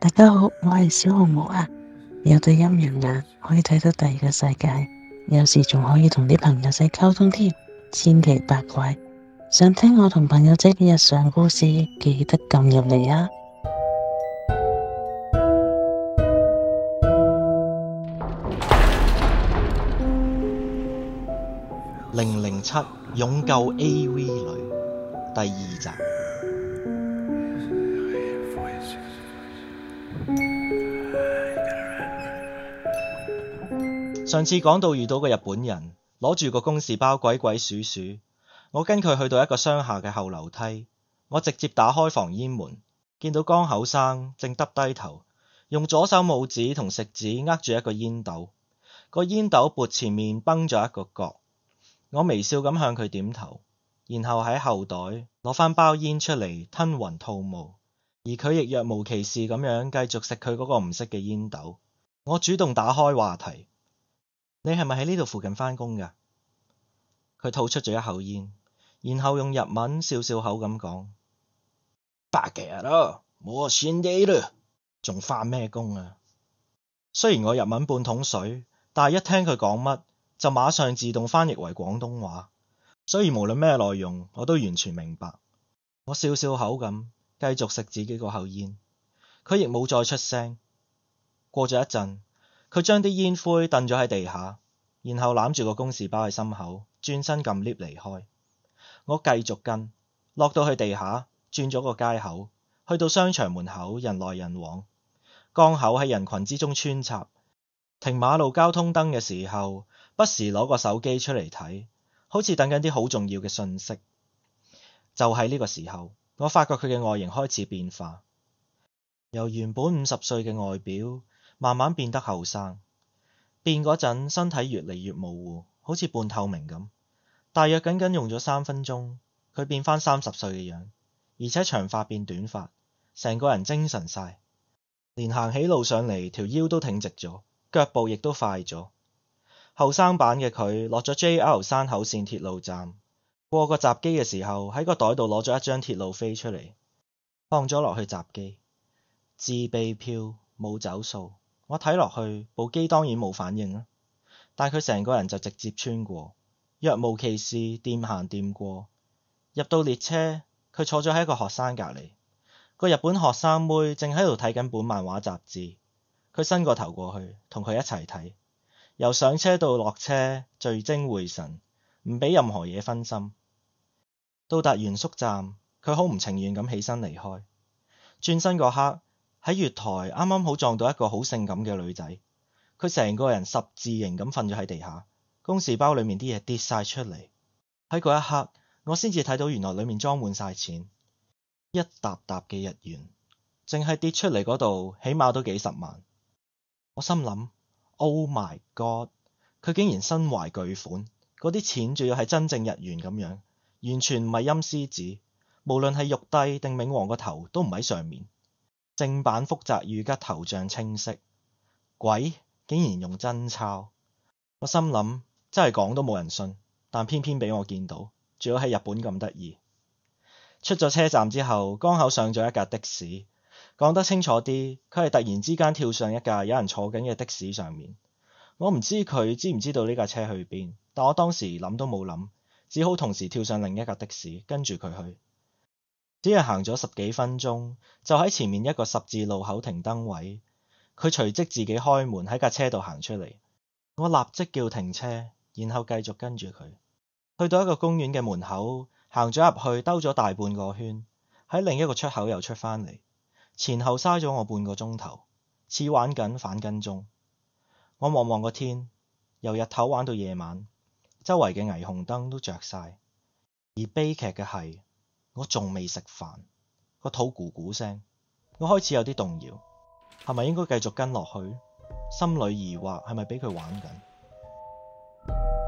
大家好，我係小紅帽啊，有對陰陽眼可以睇到第二個世界，有時仲可以同啲朋友仔溝通添，千奇百怪。想聽我同朋友仔嘅日常故事，記得撳入嚟啊！零零七勇救 AV 女第二集。上次講到遇到個日本人，攞住個公事包，鬼鬼祟祟。我跟佢去到一個商廈嘅後樓梯，我直接打開防煙門，見到江口生正耷低頭，用左手拇指同食指握住一個煙斗，個煙斗鉢前面崩咗一個角。我微笑咁向佢點頭，然後喺後袋攞返包煙出嚟吞雲吐霧，而佢亦若無其事咁樣繼續食佢嗰個唔熄嘅煙斗。我主動打開話題。你係咪喺呢度附近返工噶？佢吐出咗一口煙，然後用日文笑笑口咁講：白日啦，冇算地啦，仲返咩工啊？雖然我日文半桶水，但係一聽佢講乜，就馬上自動翻譯為廣東話，所以無論咩內容，我都完全明白。我笑笑口咁繼續食自己個口煙，佢亦冇再出聲。過咗一陣。佢將啲煙灰掟咗喺地下，然後攬住個公事包喺心口，轉身撳 lift 離開。我繼續跟，落到去地下，轉咗個街口，去到商場門口，人來人往，江口喺人群之中穿插，停馬路交通燈嘅時候，不時攞個手機出嚟睇，好似等緊啲好重要嘅訊息。就喺呢個時候，我發覺佢嘅外形開始變化，由原本五十歲嘅外表。慢慢變得後生，變嗰陣身體越嚟越模糊，好似半透明咁。大約僅僅用咗三分鐘，佢變翻三十歲嘅樣，而且長髮變短髮，成個人精神晒，連行起路上嚟條腰都挺直咗，腳步亦都快咗。後生版嘅佢落咗 JR 山手線鐵路站，過個閘機嘅時候，喺個袋度攞咗一張鐵路飛出嚟，放咗落去閘機，自備票冇走數。我睇落去，部機當然冇反應啦，但佢成個人就直接穿過，若無其事掂行掂過。入到列車，佢坐咗喺一個學生隔籬，個日本學生妹正喺度睇緊本漫畫雜誌。佢伸個頭過去，同佢一齊睇。由上車到落車，聚精會神，唔俾任何嘢分心。到達原宿站，佢好唔情願咁起身離開，轉身嗰刻，喺月台啱啱好撞到一個好性感嘅女仔，佢成個人十字形咁瞓咗喺地下，公事包裏面啲嘢跌晒出嚟。喺嗰一刻，我先至睇到原來裏面裝滿晒錢，一沓沓嘅日元，淨係跌出嚟嗰度，起碼都幾十萬。我心諗，Oh my God，佢竟然身懷巨款，嗰啲錢仲要係真正日元咁樣，完全唔係陰司紙，無論係玉帝定冥王個頭都唔喺上面。正版福澤諭吉頭像清晰，鬼竟然用真鈔，我心諗真係講都冇人信，但偏偏俾我見到，仲要喺日本咁得意。出咗車站之後，江口上咗一架的士，講得清楚啲，佢係突然之間跳上一架有人坐緊嘅的，的士上面。我唔知佢知唔知道呢架車去邊，但我當時諗都冇諗，只好同時跳上另一架的士跟住佢去。只係行咗十幾分鐘，就喺前面一個十字路口停燈位。佢隨即自己開門喺架車度行出嚟。我立即叫停車，然後繼續跟住佢。去到一個公園嘅門口，行咗入去，兜咗大半個圈，喺另一個出口又出返嚟，前後嘥咗我半個鐘頭，似玩緊反跟蹤。我望望個天，由日頭玩到夜晚，周圍嘅霓虹燈都着晒。而悲劇嘅係。我仲未食飯，個肚咕咕聲，我開始有啲動搖，係咪應該繼續跟落去？心裏疑惑，係咪俾佢玩緊？